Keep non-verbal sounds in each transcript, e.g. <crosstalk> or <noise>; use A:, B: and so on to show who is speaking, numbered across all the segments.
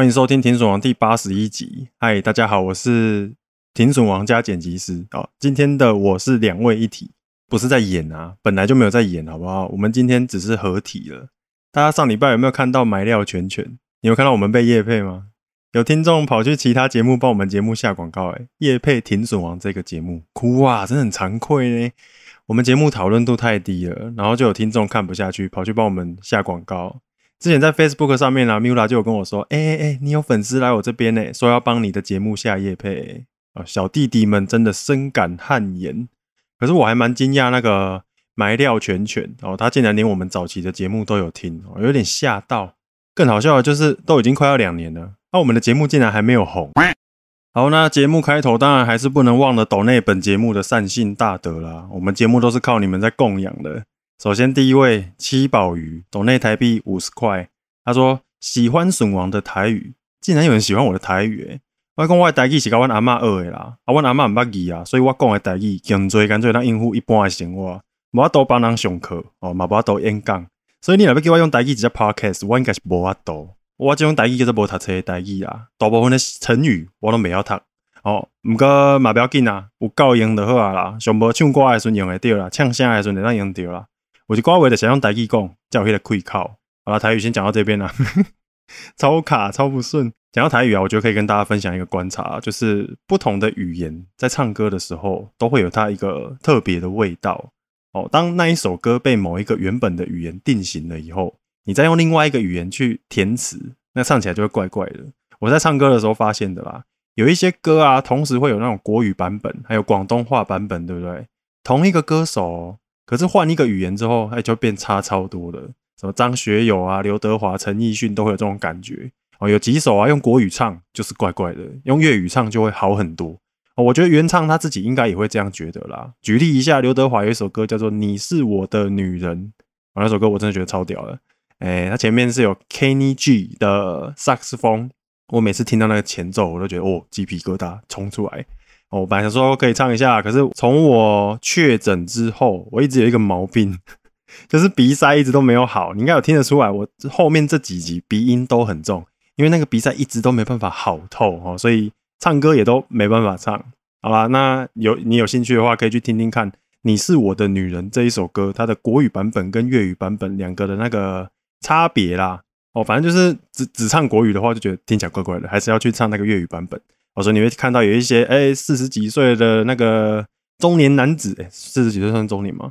A: 歡迎收聽《停損王》第八十一集。嗨，大家好，我是停損王加剪輯師。好，今天的我是兩位一體，不是在演啊，本來就沒有在演，好不好？我們今天只是合體了。大家上禮拜有沒有看到買料全全？你有看到我們被業配嗎？有聽眾跑去其他節目幫我們節目下廣告誒，哎，業配《停損王》這個節目，哭啊，真的很慚愧呢。我們節目討論度太低了，然後就有聽眾看不下去，跑去幫我們下廣告。之前在 Facebook 上面呢、啊，Mula 就有跟我說：“哎哎哎，你有粉絲來我這邊呢、欸，說要幫你的節目下業配、欸、哦。”小弟弟們真的深感汗顏。可是我還蠻驚訝，那個埋料犬犬哦，他竟然連我們早期的節目都有聽、哦、有點嚇到。更好笑的就是，都已經快要兩年了，那、啊、我們的節目竟然還沒有紅。好，那節目開頭當然還是不能忘了斗內本節目的善信大德啦，我們節目都是靠你們在供養的。首先，第一位七寶魚，斗內台幣五十塊。他說：“喜歡損王的台語，竟然有人喜歡我的台語。”哎，外公，我，說我的台語是甲阮阿媽學的啦。啊，阮阿媽毋捌字啊，所以我講的台語，盡最乾脆咱應付一般的生活，無法度幫人上課，哦，嘛無法度演講。所以你若要叫我用台語直接 podcast 我應該是無法度。我即種台語叫做無讀冊的台語啊。大部分的成語我都未曉讀。哦，毋過嘛不要緊啊，有夠用就好啊啦。上無唱歌的時陣用會到啦，唱聲的時陣就咱用到啦。我就得刮尾的想用台語講，叫我的可以靠。好了，台語先講到這邊了， <laughs> 超卡超不順。講到台語啊，我覺得可以跟大家分享一個觀察，啊，就是不同的語言在唱歌的時候都會有它一個特別的味道哦。當那一首歌被某一個原本的語言定型了以後，你再用另外一個語言去填詞，那唱起來就會怪怪的。我在唱歌的時候發現的啦，有一些歌啊，同時會有那種國語版本，還有廣東話版本，對不對？同一個歌手。可是換一個語言之後，哎、欸，就變差超多了。什麼張學友啊、劉德華、陳奕迅都會有這種感覺哦。有幾首啊，用國語唱就是怪怪的，用粵語唱就會好很多。哦，我覺得原唱他自己應該也會這樣覺得啦。舉例一下，劉德華有一首歌叫做《你是我的女人》，哦，那首歌我真的覺得超屌的。哎、欸，他前面是有 Kenny G 的薩克斯風，我每次聽到那個前奏，我都覺得哦，雞皮疙瘩衝出來。哦，我本來想說可以唱一下，可是從我確診之後，我一直有一個毛病，就是鼻塞一直都沒有好。你應該有聽得出來，我後面這幾集鼻音都很重，因為那個鼻塞一直都沒辦法好透哦，所以唱歌也都沒辦法唱。好吧，那有你有興趣的話，可以去聽聽看《你是我的女人》這一首歌，它的國語版本跟粵語版本兩個的那個差別啦。哦，反正就是只只唱國語的話，就覺得聽起來怪怪的，還是要去唱那個粵語版本。我說、哦、你會看到有一些哎四十幾歲的那個中年男子，誒四十幾歲算中年嗎？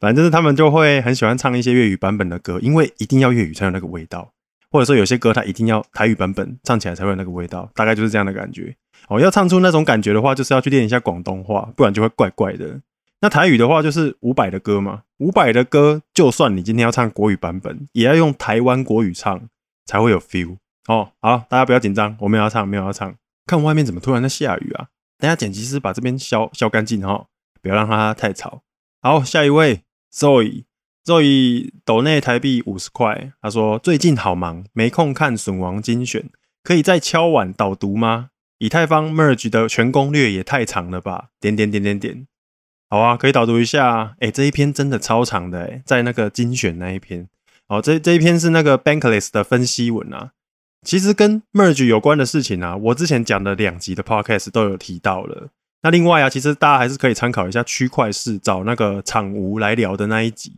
A: 反 <laughs> 正就是他們就會很喜歡唱一些粵語版本的歌，因為一定要粵語才有那個味道。或者說有些歌它一定要台語版本唱起來才會有那個味道，大概就是這樣的感覺。哦，要唱出那種感覺的話，就是要去練一下廣東話，不然就會怪怪的。那台語的話就是伍佰的歌嘛，伍佰的歌就算你今天要唱國語版本，也要用台灣國語唱才會有 feel 哦。好，大家不要緊張，我沒有要唱，沒有要唱。看外面怎麼突然在下雨啊？等下剪輯師把這邊削削乾淨哈，不要讓它太吵。好，下一位 Zoe Zoe 斗內台幣五十塊。他說最近好忙，沒空看損王精選，可以再敲碗導讀嗎？以太坊 Merge 的全攻略也太長了吧？點點點點點，好啊，可以導讀一下、欸。誒這一篇真的超長的誒、欸、在那個精選那一篇。好，這這一篇是那個 Bankless 的分析文啊。其實跟 merge 有關的事情啊，我之前講的兩集的 podcast 都有提到了。那另外啊，其實大家還是可以參考一下區塊市找那個場吳來聊的那一集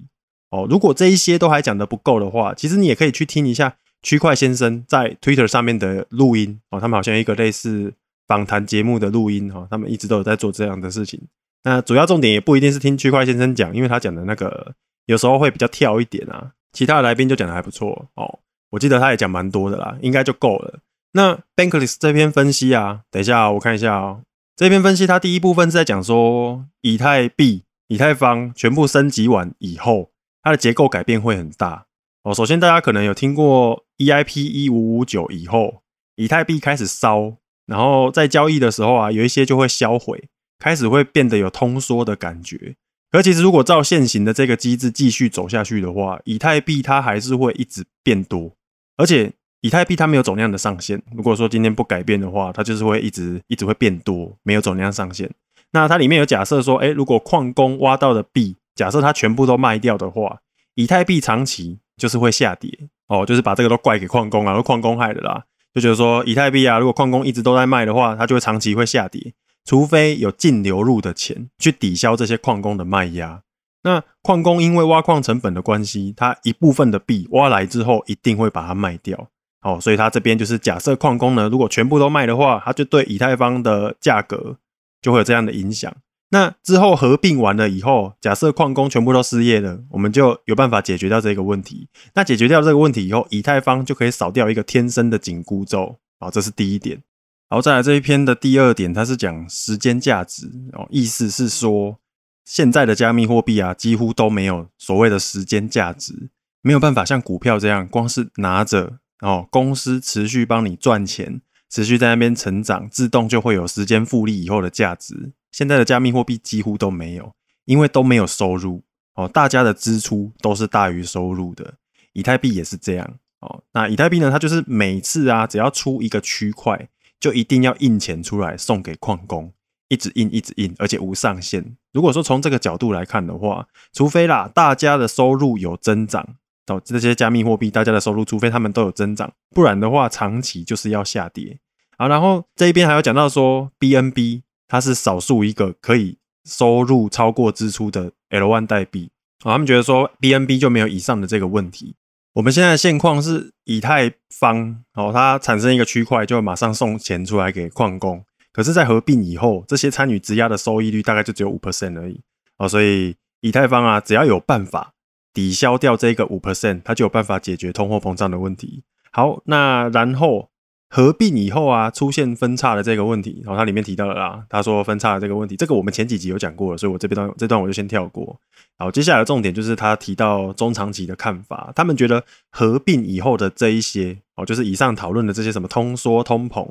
A: 哦。如果這一些都還講得不夠的話，其實你也可以去聽一下區塊先生在 Twitter 上面的錄音哦。他們好像有一個類似訪談節目的錄音哈、哦，他們一直都有在做這樣的事情。那主要重點也不一定是聽區塊先生講，因為他講的那個有時候會比較跳一點啊。其他的來賓就講得還不錯哦。我記得他也講蠻多的啦，應該就夠了。那 Bankless 這篇分析啊，等一下、喔、我看一下哦、喔，這篇分析它第一部分是在講說以太幣、以太坊全部升級完以後，它的結構改變會很大哦、喔。首先大家可能有聽過 EIP 1559以後，以太幣開始燒，然後在交易的時候啊，有一些就會銷毀，開始會變得有通縮的感覺。可其實如果照現行的這個機制繼續走下去的話，以太幣它還是會一直變多。而且以太幣它沒有總量的上限，如果說今天不改變的話，它就是會一直一直會變多，沒有總量上限。那它裡面有假設說，哎，如果礦工挖到的幣，假設它全部都賣掉的話，以太幣長期就是會下跌哦，就是把這個都怪給礦工了，啊，都礦工害的啦，就覺得說以太幣啊，如果礦工一直都在賣的話，它就會長期會下跌，除非有淨流入的錢去抵消這些礦工的賣壓。那礦工因為挖礦成本的關係，他一部分的幣挖來之後一定會把它賣掉，好、哦，所以它這邊就是假設礦工呢，如果全部都賣的話，它就對以太坊的價格就會有這樣的影響。那之後合併完了以後，假設礦工全部都失業了，我們就有辦法解決掉這個問題。那解決掉這個問題以後，以太坊就可以少掉一個天生的緊箍咒。好、哦，這是第一點。好，再來這一篇的第二點，它是講時間價值哦，意思是說。現在的加密貨幣啊，幾乎都沒有所謂的時間價值，沒有辦法像股票這樣，光是拿着哦，公司持續幫你賺錢，持續在那邊成長，自動就會有時間複利以後的價值。現在的加密貨幣幾乎都沒有，因為都沒有收入哦，大家的支出都是大於收入的。以太幣也是這樣哦，那以太幣呢，它就是每次啊，只要出一個區塊，就一定要印錢出來送給礦工。一直印一直印，而且無上限。如果說從這個角度來看的話，除非啦，大家的收入有增長，導致、哦、這些加密貨幣大家的收入，除非他們都有增長，不然的話，長期就是要下跌。好，然後這一邊還有講到說，BNB 它是少數一個可以收入超過支出的 L1 代幣。好、哦，他們覺得說 BNB 就沒有以上的這個問題。我們現在的現況是以太坊，好、哦，它產生一個區塊就會馬上送錢出來給礦工。可是，在合併以後，這些參與質押的收益率大概就只有五 percent 而已哦，所以以太坊啊，只要有辦法抵消掉這個五 percent，它就有辦法解決通貨膨脹的問題。好，那然後合併以後啊，出現分叉的這個問題，然後它裡面提到了啦，他說分叉的這個問題，這個我們前幾集有講過了，所以我這邊段這段我就先跳過。好，接下來的重點就是他提到中長期的看法，他們覺得合併以後的這一些哦，就是以上討論的這些什麼通縮、通膨。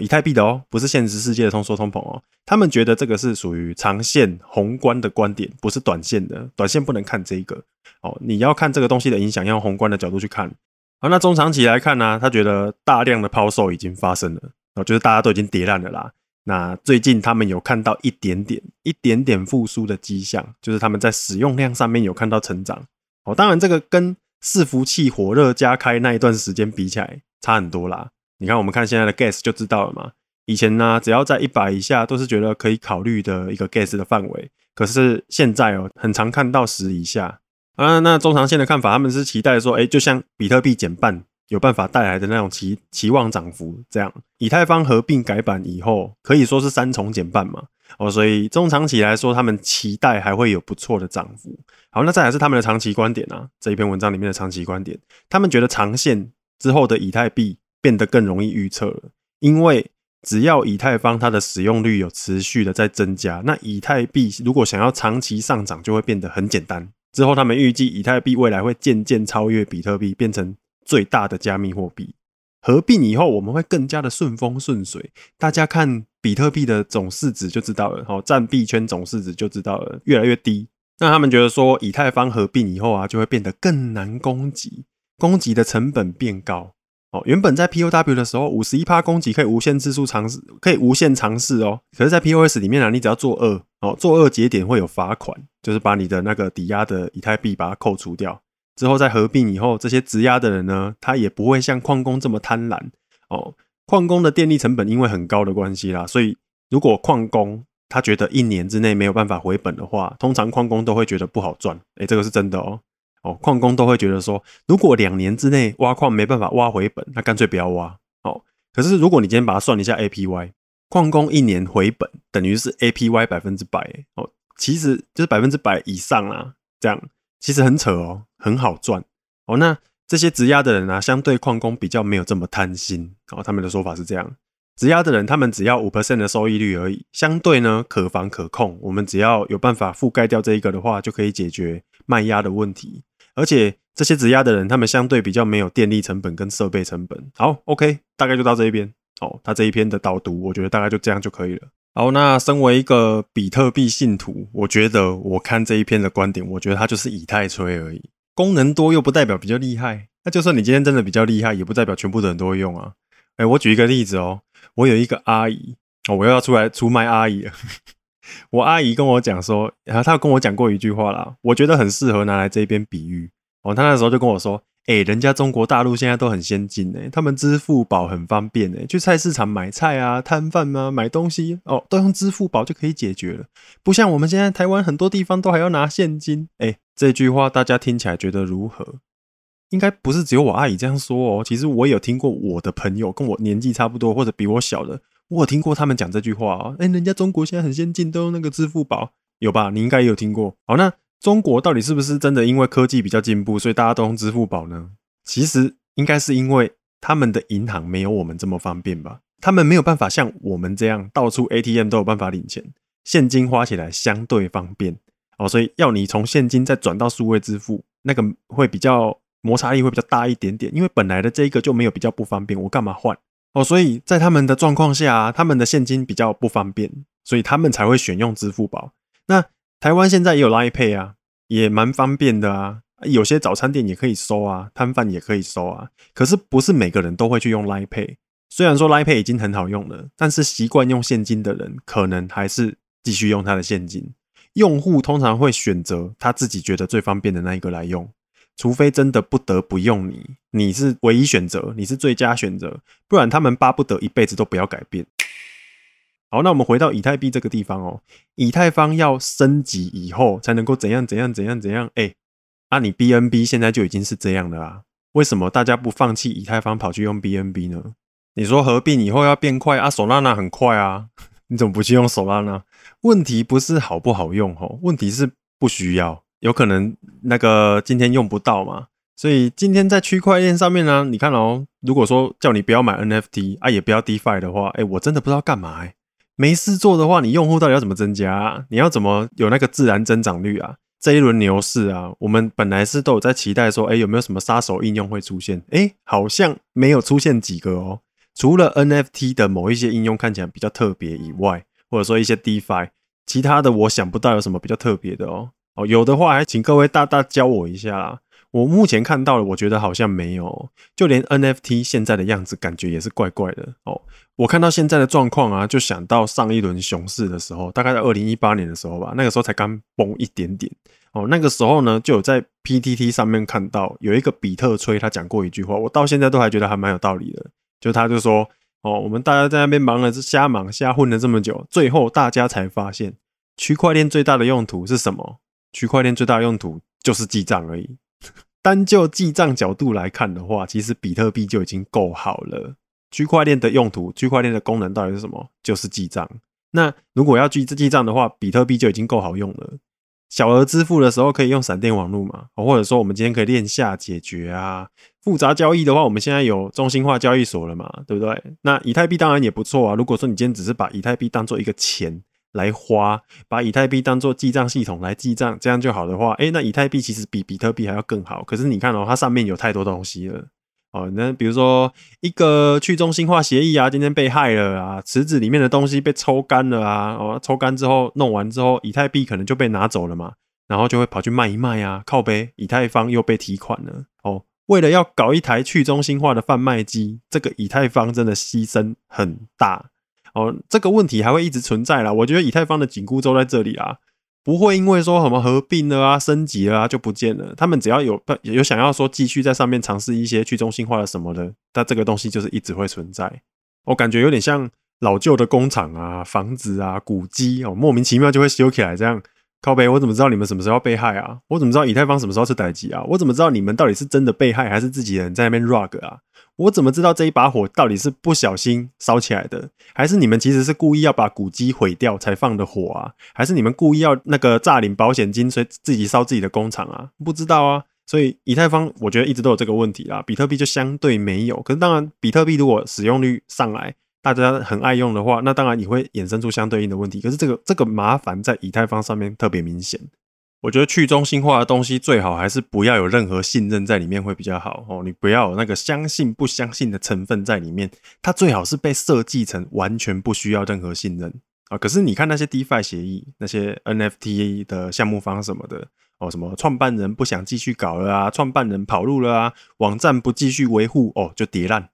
A: 以太幣的哦，不是現實世界的通縮通膨哦。他們覺得這個是屬於長線宏觀的觀點，不是短線的。短線不能看這一個哦，你要看這個東西的影響，要用宏觀的角度去看。好、哦、那中長期來看呢、啊，他覺得大量的拋售已經發生了、哦，就是大家都已經跌爛了啦。那最近他們有看到一點點、一點點復甦的跡象，就是他們在使用量上面有看到成長。哦，當然這個跟伺服器火熱加開那一段時間比起來，差很多啦。你看，我們看現在的 gas 就知道了嘛。以前呢、啊，只要在一百以下都是覺得可以考慮的一個 gas 的範圍。可是現在哦、喔，很常看到十以下啊。那中長線的看法，他們是期待說，哎，就像比特幣減半有辦法帶來的那種期期望漲幅這樣。以太坊合併改版以後，可以說是三重減半嘛。哦，所以中長期來說，他們期待還會有不錯的漲幅。好，那再來是他們的長期觀點啊，這一篇文章裡面的長期觀點，他們覺得長線之後的以太幣。變得更容易預測了，因為只要以太坊它的使用率有持續的在增加，那以太幣如果想要長期上漲，就會變得很簡單。之後他們預計以太幣未來會漸漸超越比特幣，變成最大的加密貨幣。合併以後，我們會更加的順風順水。大家看比特幣的總市值，就知道了，好，佔幣圈總市值，就知道了，越來越低。那他們覺得說，以太坊合併以後啊，就會變得更難攻擊，攻擊的成本變高。哦，原本在 POW 的時候，五十一趴攻擊可以無限次數嘗試，可以無限嘗試哦。可是，在 POS 裡面呢、啊，你只要作惡，哦，作惡節點會有罰款，就是把你的那個抵押的以太幣把它扣除掉。之後在合併以後，這些質押的人呢，他也不會像礦工這麼貪婪。哦，礦工的電力成本因為很高的關係啦，所以如果礦工他覺得一年之內沒有辦法回本的話，通常礦工都會覺得不好賺。誒，這個是真的哦。哦，礦工都會覺得說，如果兩年之內挖礦沒辦法挖回本，那乾脆不要挖。哦。可是如果你今天把它算一下 APY，礦工一年回本等於是 APY 百分之百哦，其實就是百分之百以上啦、啊。這樣其實很扯哦，很好賺。哦，那這些質押的人呢、啊，相對礦工比較沒有這麼貪心。哦，他們的說法是這樣：質押的人他們只要五 percent 的收益率而已，相對呢可防可控。我們只要有辦法覆蓋掉這一個的話，就可以解決賣壓的問題。而且這些質押的人，他們相對比較沒有電力成本跟設備成本。好，OK，大概就到這一邊哦。他這一篇的導讀，我覺得大概就這樣就可以了。好，那身為一個比特幣信徒，我覺得我看這一篇的觀點，我覺得他就是以太吹而已。功能多又不代表比較厲害。那就算你今天真的比較厲害，也不代表全部的人都會用啊。哎，我舉一個例子哦，我有一個阿姨哦，我又要出來出賣阿姨了。 <laughs> 我阿姨跟我講說，然後她有跟我講過一句話啦，我覺得很適合拿來這邊比喻哦。她那時候就跟我說：“欸，人家中國大陸現在都很先進欸，他們支付寶很方便欸，去菜市場買菜啊，攤販啊、買東西哦，都用支付寶就可以解決了，不像我們現在台灣很多地方都還要拿現金。”欸，這句話大家聽起來覺得如何？應該不是只有我阿姨這樣說哦，其實我也有聽過我的朋友跟我年紀差不多或者比我小的。我有聽過他們講這句話啊、哦，哎，人家中國現在很先進，都用那個支付寶，有吧？你應該也有聽過。好、哦，那中國到底是不是真的因為科技比較進步，所以大家都用支付寶呢？其實應該是因為他們的銀行沒有我們這麼方便吧？他們沒有辦法像我們這樣到處 ATM 都有辦法領錢，現金花起來相對方便哦，所以要你從現金再轉到數位支付，那個會比較摩擦力會比較大一點點，因為本來的這個就沒有比較不方便，我干嘛換？哦，所以在他們的狀況下啊，他們的現金比較不方便，所以他們才會選用支付寶。那台灣現在也有 Line Pay 啊，也蠻方便的啊，有些早餐店也可以收啊，攤販也可以收啊。可是不是每個人都會去用 Line Pay，雖然說 Line Pay 已經很好用了，但是習慣用現金的人可能還是繼續用他的現金。用戶通常會選擇他自己覺得最方便的那一個來用。除非真的不得不用你，你是唯一選擇，你是最佳選擇，不然他們巴不得一輩子都不要改變。好，那我們回到以太幣這個地方哦、喔，以太坊要升級以後才能夠怎樣怎樣怎樣怎樣？哎、欸，啊你，你 BNB 現在就已經是這樣的啦、啊，為什麼大家不放棄以太坊跑去用 BNB 呢？你說合併以後要變快啊，索拉娜很快啊，你怎麼不去用索拉娜？問題不是好不好用吼、喔，問題是不需要。有可能那個今天用不到嘛？所以今天在區塊鏈上面呢，啊，你看哦，如果說叫你不要買 NFT 啊，也不要 DeFi 的話，誒我真的不知道幹嘛誒。沒事做的話，你用戶到底要怎麼增加啊？你要怎麼有那個自然增長率啊？這一輪牛市啊，我們本來是都有在期待說，哎，有沒有什麼殺手應用會出現？哎，好像沒有出現幾個哦。除了 NFT 的某一些應用看起來比較特別以外，或者說一些 DeFi，其他的我想不到有什麼比較特別的哦。哦，有的話還請各位大大教我一下啦。我目前看到的我覺得好像沒有，就連 NFT 現在的樣子感覺也是怪怪的。哦，我看到現在的狀況啊，就想到上一輪熊市的時候，大概在二零一八年的時候吧，那個時候才剛崩一點點。哦，那個時候呢，就有在 PTT 上面看到有一個比特吹他講過一句話，我到現在都還覺得還蠻有道理的。就他就說，哦，我們大家在那邊忙了是瞎忙瞎混了這麼久，最後大家才發現區塊鏈最大的用途是什麼？區塊鏈最大用途就是記賬而已。單就記賬角度來看的話，其實比特幣就已經夠好了。區塊鏈的用途，區塊鏈的功能到底是什麼？就是記賬。那如果要記記賬的話，比特幣就已經夠好用了。小額支付的時候可以用閃電網絡嘛，或者說我們今天可以鏈下解決啊。複雜交易的話，我們現在有中心化交易所了嘛，對不對？那以太幣當然也不錯啊。如果說你今天只是把以太幣當做一個錢。來花，把以太幣當做記賬系統來記賬，這樣就好的話，誒，那以太幣其實比比特幣還要更好。可是你看哦，它上面有太多東西了，哦，那比如說一個去中心化協議啊，今天被害了啊，池子裡面的東西被抽乾了啊，哦，抽乾之後弄完之後，以太幣可能就被拿走了嘛，然後就會跑去賣一賣啊，靠北，以太坊又被提款了哦，為了要搞一台去中心化的販賣機，這個以太坊真的犧牲很大。哦，這個問題還會一直存在啦。我覺得以太坊的緊箍咒在這裡啦、啊，不會因為說什麼合併了啊、升級了啊，就不見了。他們只要有有想要說繼續在上面嘗試一些去中心化的什麼的，那這個東西就是一直會存在。我、哦、感覺有點像老舊的工廠啊、房子啊、古蹟哦，莫名其妙就會修起來這樣。靠北，我怎麼知道你們什麼時候要被害啊？我怎麼知道以太坊什麼時候要傣級啊？我怎麼知道你們到底是真的被害還是自己的人在那邊 rug 啊？我怎麼知道這一把火到底是不小心燒起來的，還是你們其實是故意要把古蹟毀掉才放的火啊？還是你們故意要那個詐領保險金，所以自己燒自己的工廠啊？不知道啊。所以以太坊，我覺得一直都有這個問題啦。比特幣就相對沒有。可是當然，比特幣如果使用率上來，大家很愛用的話，那當然也會衍生出相對應的問題。可是這個這個麻煩在以太坊上面特別明顯。我覺得去中心化的東西最好還是不要有任何信任在裡面會比較好哦，你不要有那個相信不相信的成分在裡面，它最好是被設計成完全不需要任何信任啊。哦，可是你看那些 DeFi 協議、那些 NFT 的項目方什麼的哦，什麼創辦人不想繼續搞了啊，創辦人跑路了啊，網站不繼續維護哦，就疊爛。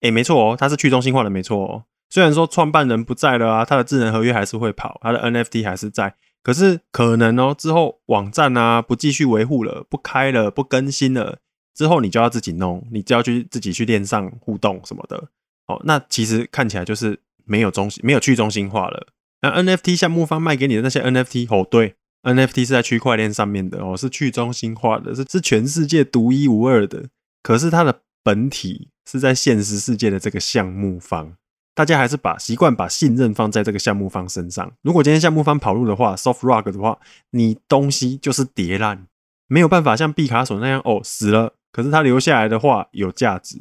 A: 欸，沒錯哦，它是去中心化的，沒錯哦，雖然說創辦人不在了啊，它的智能合約還是會跑，它的 NFT 還是在。可是可能哦，之後網站啊不繼續維護了，不開了，不更新了，之後你就要自己弄，你就要去自己去鏈上互動什麼的。哦，那其實看起來就是沒有中心，沒有去中心化了。那 NFT 項目方賣給你的那些 NFT，哦，對，NFT 是在區塊鏈上面的哦，是去中心化的，是是全世界獨一無二的。可是它的本體是在現實世界的這個項目方。大家還是把習慣把信任放在這個項目方身上。如果今天項目方跑路的話，soft rug 的話，你東西就是疊爛，沒有辦法像畢卡索那樣哦死了。可是它留下來的話有價值。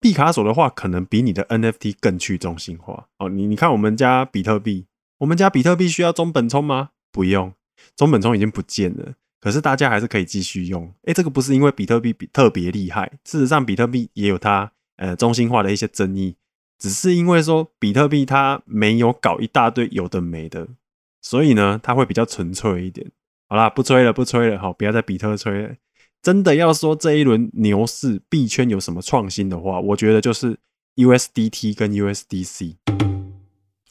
A: 畢卡索的話，可能比你的 NFT 更去中心化。哦，你你看我們家比特幣，我們家比特幣需要中本聰嗎？不用，中本聰已經不見了，可是大家還是可以繼續用。哎，這個不是因為比特幣比特別厲害，事實上比特幣也有它呃中心化的一些爭議。只是因為說比特幣它沒有搞一大堆有的沒的，所以呢，它會比較純粹一點。好啦，不吹了，不吹了，哈，不要再比特吹了。真的要說這一輪牛市幣圈有什麼創新的話，我覺得就是 USDT 跟 USDC。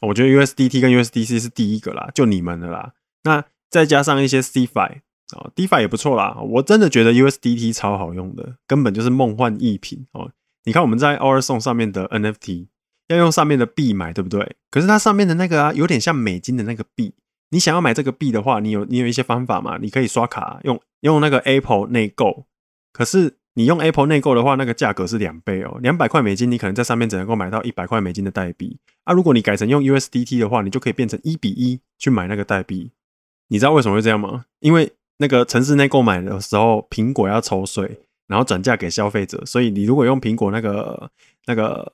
A: 哦，我覺得 USDT 跟 USDC 是第一個啦，就你們的啦。那再加上一些 CFI 啊、哦、DeFi 也不錯啦。我真的覺得 USDT 超好用的，根本就是夢幻一品哦。你看我們在 Our Song 上面的 NFT。要用上面的幣買，對不對？可是它上面的那個啊，有點像美金的那個幣。你想要買這個幣的話，你有你有一些方法嘛？你可以刷卡用用那個 Apple 內購。可是你用 Apple 內購的話，那個價格是兩倍哦，兩百塊美金你可能在上面只能夠買到一百塊美金的代幣。啊，如果你改成用 USDT 的話，你就可以變成一比一去買那個代幣。你知道為什麼會這樣嗎？因為那個城市內購買的時候，蘋果要抽稅，然後轉嫁給消費者。所以你如果用蘋果那個那個。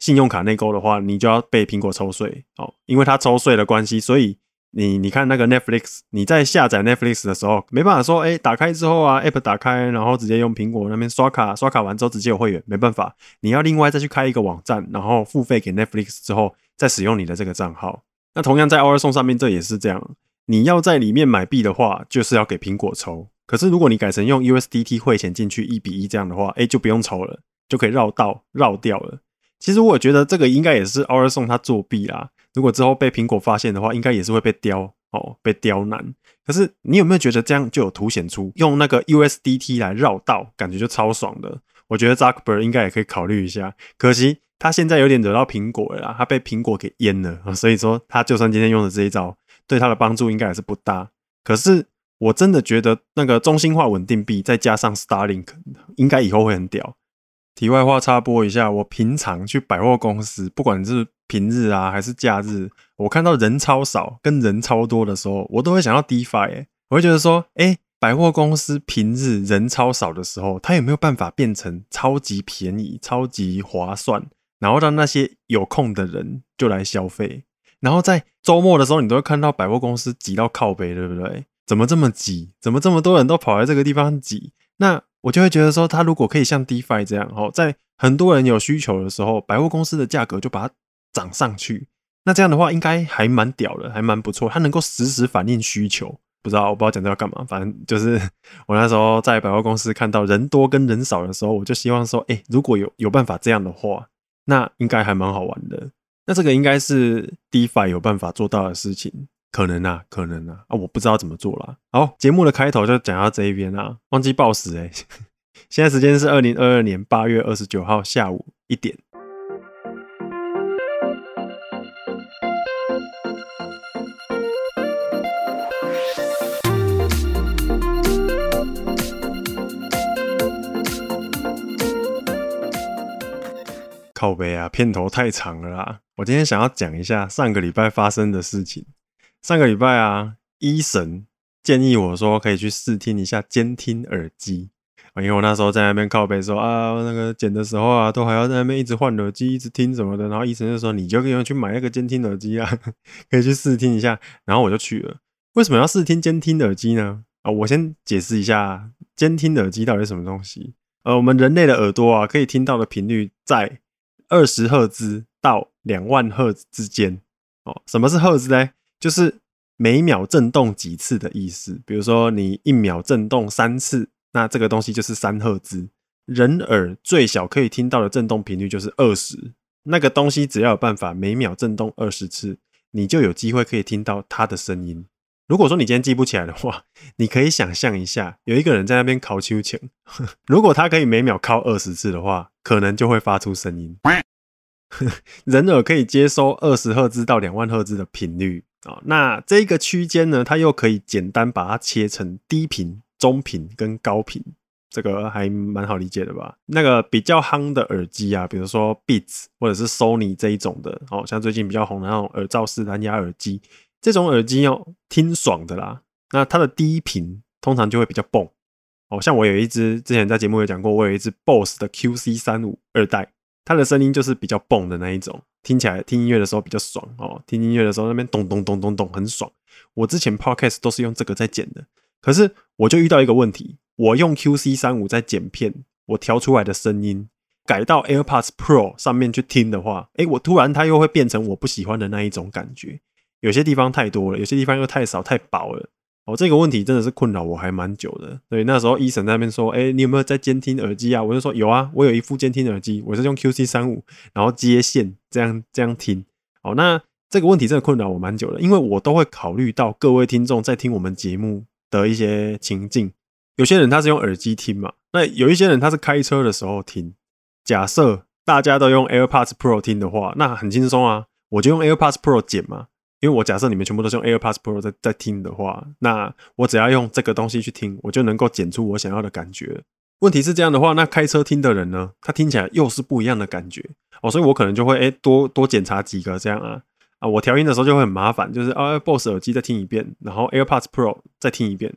A: 信用卡內購的話，你就要被蘋果抽稅，哦，因為它抽稅的關係，所以你你看那個 Netflix，你在下載 Netflix 的時候，沒辦法說，哎、欸，打開之後啊，App 打開，然後直接用蘋果那邊刷卡，刷卡完之後直接有會員，沒辦法，你要另外再去開一個網站，然後付費給 Netflix 之後再使用你的這個賬號。那同樣在 OurSong 上面，這也是這樣，你要在裡面買幣的話，就是要給蘋果抽。可是如果你改成用 USDT 匯錢進去一比一這樣的話，哎、欸，就不用抽了，就可以繞道繞掉了。其實我覺得這個應該也是奧爾松他作弊啦。如果之後被蘋果發現的話，應該也是會被刁哦，被刁難。可是你有沒有覺得這樣就有凸顯出用那個 USDT 來繞道，感覺就超爽的？我覺得紮克伯 g 應該也可以考慮一下。可惜他現在有點惹到蘋果了啦，他被蘋果給淹了，所以說他就算今天用的這一招，對他的幫助應該也是不大。可是我真的覺得那個中心化穩定幣再加上 s t a r l i n g 應該以後會很屌。題外話插播一下，我平常去百貨公司，不管是平日啊還是假日，我看到人超少跟人超多的時候，我都會想到 DeFi。我會覺得說，哎，百貨公司平日人超少的時候，它有沒有辦法變成超級便宜、超級划算，然後讓那些有空的人就來消費？然後在周末的時候，你都會看到百貨公司擠到靠北，對不對？怎麼這麼擠？怎麼這麼多人都跑來這個地方擠？那？我就會覺得說，它如果可以像 DeFi 這樣，在很多人有需求的時候，百貨公司的價格就把它漲上去，那這樣的話應該還蠻屌的，還蠻不錯。它能夠實時反映需求，不知道，我不知道講這要幹嘛，反正就是我那時候在百貨公司看到人多跟人少的時候，我就希望說，欸，如果有有辦法這樣的話，那應該還蠻好玩的。那這個應該是 DeFi 有辦法做到的事情。可能吶、啊，可能吶、啊，啊，我不知道怎麼做啦。好，節目的開頭就講到這一邊啦、啊、忘記報時哎、欸。現在時間是二零二二年八月二十九號下午一點。靠北啊，片頭太長了啦。我今天想要講一下上個禮拜發生的事情。上個禮拜啊，醫生建議我說可以去試聽一下監聽耳機。因為我那時候在那邊靠北說啊，那個剪的時候啊，都還要在那邊一直換耳機，一直聽什麼的。然後醫生就說，你就可以去買那個監聽耳機啊，可以去試聽一下。然後我就去了。為什麼要試聽監聽耳機呢？啊，我先解釋一下監聽耳機到底是什麼東西。呃、啊，我們人類的耳朵啊，可以聽到的頻率在二十赫茲到兩萬赫茲之間。哦、啊，什麼是赫茲呢？就是每秒震動幾次的意思。比如說，你一秒震動三次，那這個東西就是三赫茲。人耳最小可以聽到的震動頻率就是二十。那個東西只要有辦法每秒震動二十次，你就有機會可以聽到它的聲音。如果說你今天記不起來的話，你可以想象一下，有一個人在那邊敲秋千，如果他可以每秒敲二十次的話，可能就會發出聲音。呵呵，人耳可以接收二十赫茲到兩萬赫茲的頻率。哦，那這個區間呢，它又可以簡單把它切成低頻、中頻跟高頻，這個還蠻好理解的吧？那個比較夯的耳機啊，比如說 Beats 或者是 Sony 這一種的，哦，像最近比較紅的那種耳罩式藍牙耳機，這種耳機要聽爽的啦。那它的低頻通常就會比較蹦，哦，像我有一隻，之前在節目有講過，我有一隻 Bose 的 QC 三五二代，它的聲音就是比較蹦的那一種。聽起來聽音樂的時候比較爽哦，聽音樂的時候那邊咚咚咚咚咚很爽。我之前 podcast 都是用這個在剪的，可是我就遇到一個問題，我用 QC 三五在剪片，我調出來的聲音改到 AirPods Pro 上面去聽的話，誒、欸，我突然它又會變成我不喜歡的那一種感覺。有些地方太多了，有些地方又太少太薄了。哦，這個問題真的是困擾我還蠻久的。所以那時候醫生那邊說，哎、欸，你有沒有在監聽耳機啊？我就說有啊，我有一副監聽耳機，我是用 QC 三五，然後接線這樣這樣聽。好、哦，那這個問題真的困擾我蠻久的，因為我都會考慮到各位聽眾在聽我們節目的一些情境。有些人他是用耳機聽嘛，那有一些人他是開車的時候聽。假設大家都用 AirPods Pro 聽的話，那很輕鬆啊，我就用 AirPods Pro 剪嘛。因為我假設你們全部都是用 AirPods Pro 在在聽的話，那我只要用這個東西去聽，我就能夠剪出我想要的感覺。問題是這樣的話，那開車聽的人呢，他聽起來又是不一樣的感覺哦，所以我可能就會誒多多檢查幾個這樣啊啊，我調音的時候就會很麻煩，就是 AirPods，哦哎、耳機再聽一遍，然後 AirPods Pro 再聽一遍，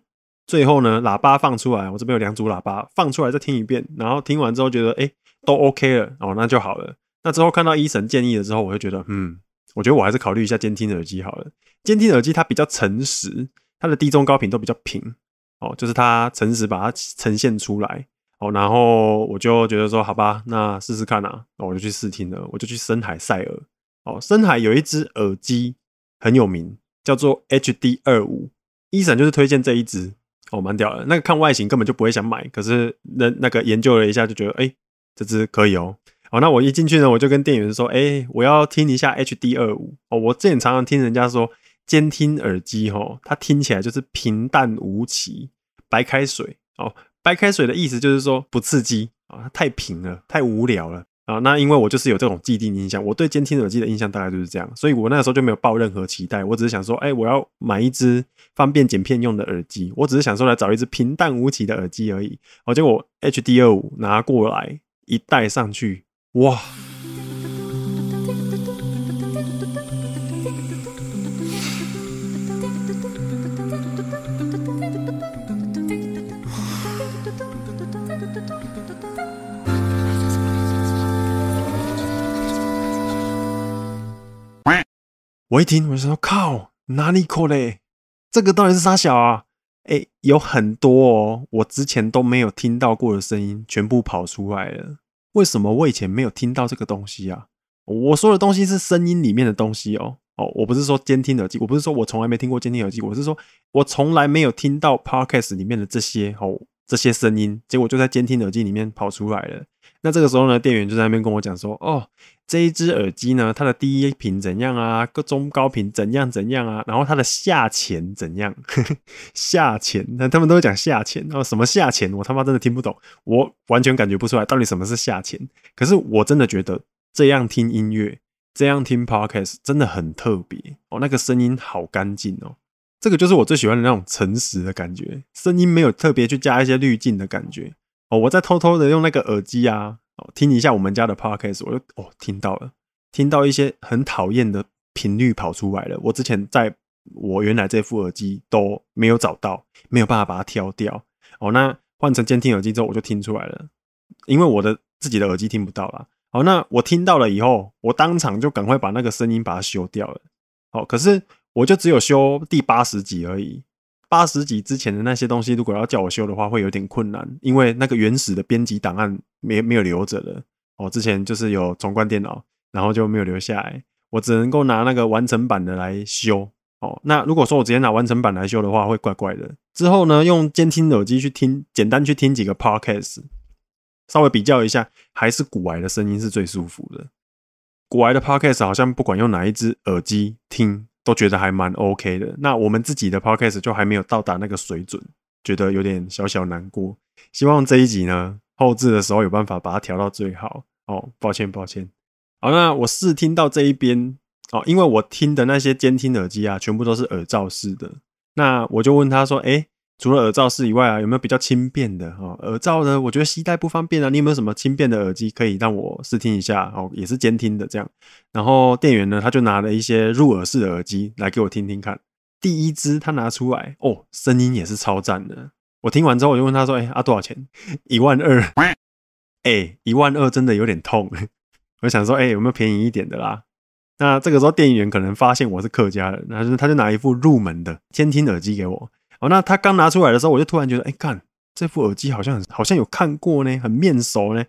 A: 最後呢喇叭放出來，我這邊有兩組喇叭放出來再聽一遍，然後聽完之後覺得哎都 OK 了哦，那就好了。那之後看到醫神建議了之後，我就覺得嗯。我覺得我還是考慮一下監聽耳機好了。監聽耳機它比較誠實，它的低中高頻都比較平，哦，就是它誠實把它呈現出來，哦，然後我就覺得說好吧，那試試看啊，那、哦、我就去試聽了，我就去森海塞爾，哦，森海有一隻耳機很有名，叫做 HD 二五，伊森就是推薦這一隻，哦，蠻屌的。那個看外形根本就不會想買，可是那那個研究了一下就覺得，哎、欸，這隻可以哦。好、哦，那我一進去呢，我就跟店員說：“哎、欸，我要聽一下 H D 二五哦。”我之前常常聽人家說監聽耳機吼，它聽起來就是平淡無奇、白開水哦。白開水的意思就是說不刺激啊、哦，太平了，太無聊了啊、哦。那因為我就是有這種既定印象，我對監聽耳機的印象大概就是這樣，所以我那個時候就沒有抱任何期待，我只是想說：“哎、欸，我要買一只方便剪片用的耳機。”我只是想說來找一只平淡無奇的耳機而已。哦、結果 H D 二五拿過來一戴上去。哇！我一聽，我就想說：“靠，哪泥摳勒？這個到底是殺小啊？哎、欸，有很多哦，我之前都沒有聽到過的聲音，全部跑出來了。”為什麼我以前沒有聽到這個東西啊？我說的東西是聲音裡面的東西哦，哦，我不是說監聽耳機，我不是說我從來沒聽過監聽耳機，我是說我從來沒有聽到 Podcast 裡面的這些哦這些聲音，結果就在監聽耳機裡面跑出來了。那這個時候呢，店員就在那邊跟我講說，哦。這一只耳機呢，它的低頻怎樣啊？各中高頻怎樣怎樣啊？然後它的下潛怎樣？ <laughs> 下潛？那他們都會講下潛啊？什麼下潛？我他媽真的聽不懂，我完全感覺不出來到底什麼是下潛。可是我真的覺得這樣聽音樂，這樣聽 podcast 真的很特別哦，那個聲音好乾淨哦。這個就是我最喜歡的那種誠實的感覺，聲音沒有特別去加一些濾鏡的感覺哦。我在偷偷的用那個耳機啊。哦，聽一下我們家的 podcast，我就哦聽到了，聽到一些很討厭的頻率跑出來了。我之前在我原來這副耳機都沒有找到，沒有辦法把它挑掉。哦，那換成監聽耳機之後，我就聽出來了，因為我的自己的耳機聽不到啦。好，哦，那我聽到了以後，我當場就趕快把那個聲音把它修掉了。哦，可是我就只有修第八十集而已，八十集之前的那些東西，如果要叫我修的話，會有點困難，因為那個原始的編輯檔案。沒沒有留着的哦，之前就是有重灌電腦，然後就沒有留下來。我只能夠拿那個完成版的來修哦。那如果說我直接拿完成版來修的話，會怪怪的。之後呢，用監聽耳機去聽，簡單去聽幾個 podcast，稍微比較一下，還是股癌的聲音是最舒服的。股癌的 podcast 好像不管用哪一隻耳機聽，都覺得還蠻 OK 的。那我們自己的 podcast 就還沒有到達那個水準，覺得有點小小難過。希望這一集呢。後製的時候有辦法把它調到最好哦。抱歉，抱歉。好，那我試聽到這一邊哦，因為我聽的那些監聽耳機啊，全部都是耳罩式的。那我就問他說：“欸，除了耳罩式以外啊，有沒有比較輕便的，哦，耳罩呢？我覺得攜帶不方便啊。你有沒有什麼輕便的耳機可以讓我試聽一下？哦，也是監聽的這樣。然後店員呢，他就拿了一些入耳式的耳機來給我聽聽看。第一支他拿出來哦，聲音也是超讚的。我聽完之後，我就問他說：“哎、欸，啊多少錢？一 <laughs> 萬二 2、 <laughs> 欸？哎，一萬二真的有點痛。 <laughs> ”我就想說：“哎、欸，有沒有便宜一點的啦？”那這個時候，店員可能發現我是客家人，他就，他就拿一副入門的監聽耳機給我。哦，那他剛拿出來的時候，我就突然覺得：“哎、欸，幹，這副耳機好像很，好像有看過呢，很面熟呢。欸”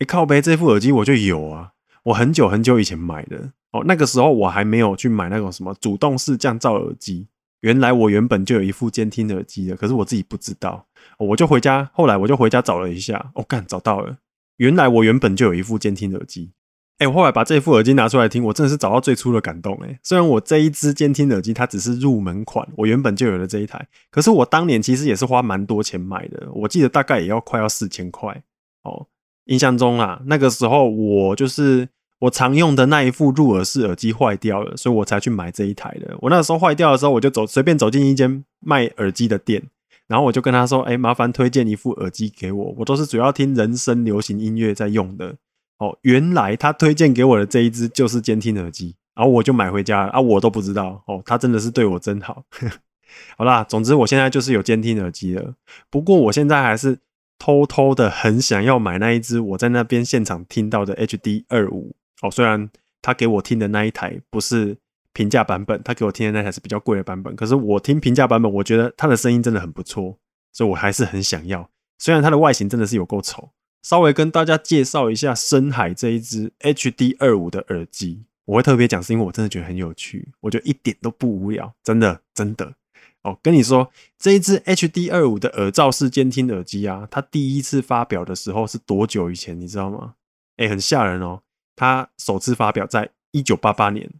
A: 一靠背，這副耳機我就有啊，我很久很久以前買的。哦，那個時候我還沒有去買那種什麼主動式降噪耳機。原來我原本就有一副監聽耳機的，可是我自己不知道，哦、我就回家，後來我就回家找了一下，哦幹，找到了，原來我原本就有一副監聽耳機。哎，我後來把這副耳機拿出來聽，我真的是找到最初的感動哎。雖然我這一隻監聽耳機它只是入門款，我原本就有了這一台，可是我當年其實也是花蠻多錢買的，我記得大概也要快要四千塊哦。印象中啊，那個時候我就是。我常用的那一副入耳式耳機壞掉了，所以我才去買這一台的。我那時候壞掉的時候，我就走，隨便走進一間賣耳機的店，然後我就跟他說：“哎，麻煩推薦一副耳機給我。”我都是主要聽人聲流行音樂在用的。哦，原來他推薦給我的這一隻就是監聽耳機，然後我就買回家了啊！我都不知道哦，他真的是對我真好。 <laughs> 好啦，總之我現在就是有監聽耳機了。不過我現在還是偷偷的很想要買那一隻我在那邊現場聽到的 HD 二五。哦，雖然他給我聽的那一台不是平價版本，他給我聽的那台是比較貴的版本。可是我聽平價版本，我覺得它的聲音真的很不錯，所以我還是很想要。雖然它的外形真的是有夠醜，稍微跟大家介紹一下森海這一只 HD 二五的耳機，我會特別講，是因為我真的覺得很有趣，我就一點都不無聊，真的真的。哦，跟你說，這一只 HD 二五的耳罩式監聽耳機啊，它第一次發表的時候是多久以前？你知道嗎？哎、欸，很嚇人哦。它首次發表在一九八八年，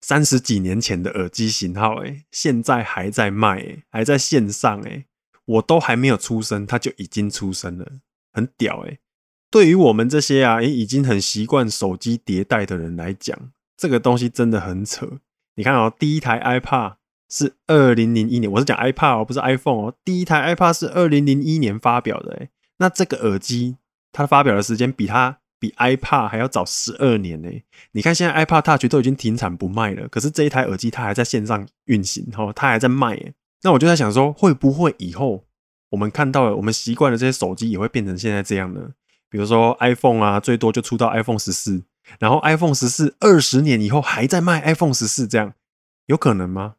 A: 三十幾年前的耳機型號，誒，現在還在賣、欸，還在線上，誒，我都還沒有出生，它就已經出生了，很屌，誒。對於我們這些啊，誒，已經很習慣手機迭代的人來講，這個東西真的很扯。你看哦、喔，第一台 iPod 是二零零一年，我是講 iPod 哦、喔，不是 iPhone 哦、喔，第一台 iPod 是二零零一年發表的，誒，那這個耳機它發表的時間比它。比 iPod 還要早十二年呢、欸！你看，現在 iPod Touch 都已經停產不賣了，可是這一台耳機它還在線上運行、喔，它還在賣耶、欸。那我就在想說，會不會以後我們看到了，我們習慣了這些手機也會變成現在這樣呢？比如說 iPhone 啊，最多就出到 iPhone 十四，然後 iPhone 十四二十年以後還在賣 iPhone 十四，這樣有可能嗎？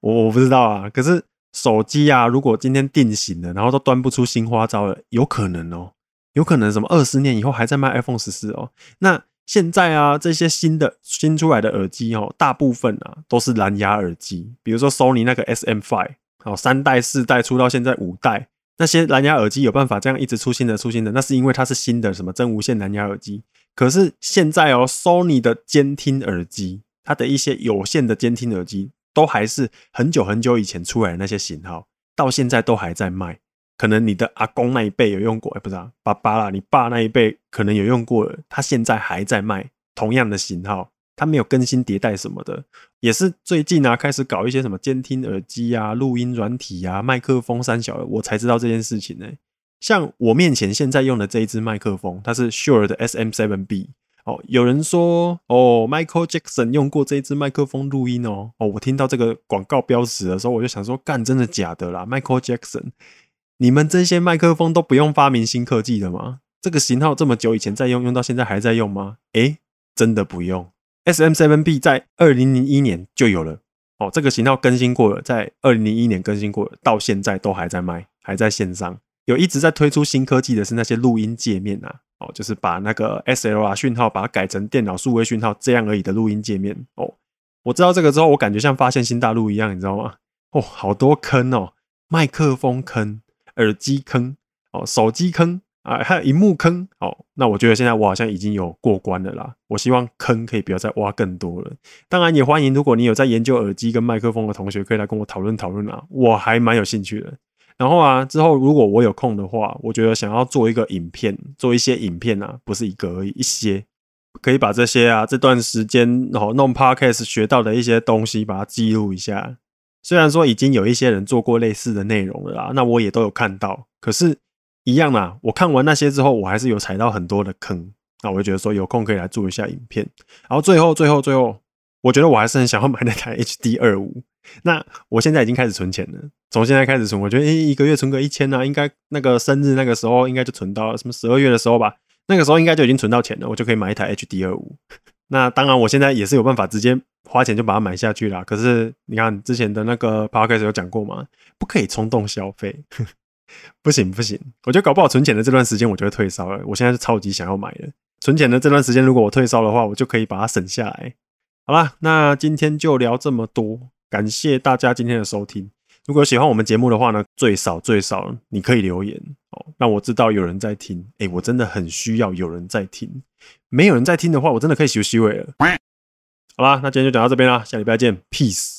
A: 我我不知道啊。可是手機啊，如果今天定型了，然後都端不出新花招了，有可能哦、喔。有可能什麼二十年以後還在賣 iPhone 十四哦？那現在啊，這些新的新出來的耳機哦，大部分啊都是藍牙耳機，比如說 Sony 那個 SM5 好，三代、四代出到現在五代，那些藍牙耳機有辦法這樣一直出新的出新的，那是因為它是新的什麼真無線藍牙耳機。可是現在哦，Sony 的監聽耳機，它的一些有線的監聽耳機，都還是很久很久以前出來的那些型號，到現在都還在賣。可能你的阿公那一輩有用過，哎、欸啊，不知道爸爸啦，你爸那一輩可能有用過了，他現在還在賣同樣的型號，他沒有更新迭代什麼的，也是最近啊開始搞一些什麼監聽耳機啊、錄音軟體啊、麥克風三小的，我才知道這件事情呢、欸。像我面前現在用的這一只麥克風，它是 Shure 的 SM7B。哦，有人說哦，Michael Jackson 用過這只麥克風錄音哦，哦，我聽到這個廣告標識的時候，我就想說，幹，真的假的啦？Michael Jackson。你們這些麥克風都不用發明新科技的嗎？這個型號這麼久以前在用，用到現在還在用嗎？誒、欸、真的不用。SM7B 在二零零一年就有了，哦，這個型號更新過了，在二零零一年更新過了，到現在都還在賣，還在線上。有一直在推出新科技的是那些錄音界面啊，哦，就是把那個 SLR 訊號把它改成電腦數位訊號這樣而已的錄音界面。哦，我知道這個之後，我感覺像發現新大陸一樣，你知道嗎？哦，好多坑哦，麥克風坑。耳機坑哦，手機坑啊，還有屏幕坑哦。那我覺得現在我好像已經有過關了啦。我希望坑可以不要再挖更多了。當然也歡迎，如果你有在研究耳機跟麥克風的同學，可以來跟我討論討論啊，我還蠻有興趣的。然後啊，之後如果我有空的話，我覺得想要做一個影片，做一些影片啊，不是一個而已，一些，可以把這些啊這段時間然後、哦、弄 Podcast 學到的一些東西，把它記錄一下。雖然說已經有一些人做過類似的內容了啦，那我也都有看到，可是一樣啦，我看完那些之後，我還是有踩到很多的坑，那我就覺得說有空可以來做一下影片。然後最後最後最後，我覺得我還是很想要買那台 HD 25。那我現在已經開始存錢了，從現在開始存，我覺得一個月存個一千啦，應該那個生日那個時候應該就存到什麼十二月的時候吧，那個時候應該就已經存到錢了，我就可以買一台 HD 25。那當然，我現在也是有辦法直接花錢就把它買下去啦。可是你看你之前的那個 podcast 有講過嘛，不可以衝動消費， <laughs> 不行不行。我覺得搞不好存錢的這段時間我就會退燒了。我現在就超級想要買了。存錢的這段時間，如果我退燒的話，我就可以把它省下來。好啦，那今天就聊這麼多，感謝大家今天的收聽。如果喜歡我們節目的話呢，最少最少你可以留言哦，讓我知道有人在聽，欸。誒，我真的很需要有人在聽。沒有人在聽的話，我真的可以休息一會了。好啦，那今天就講到這邊啦，下禮拜見，peace。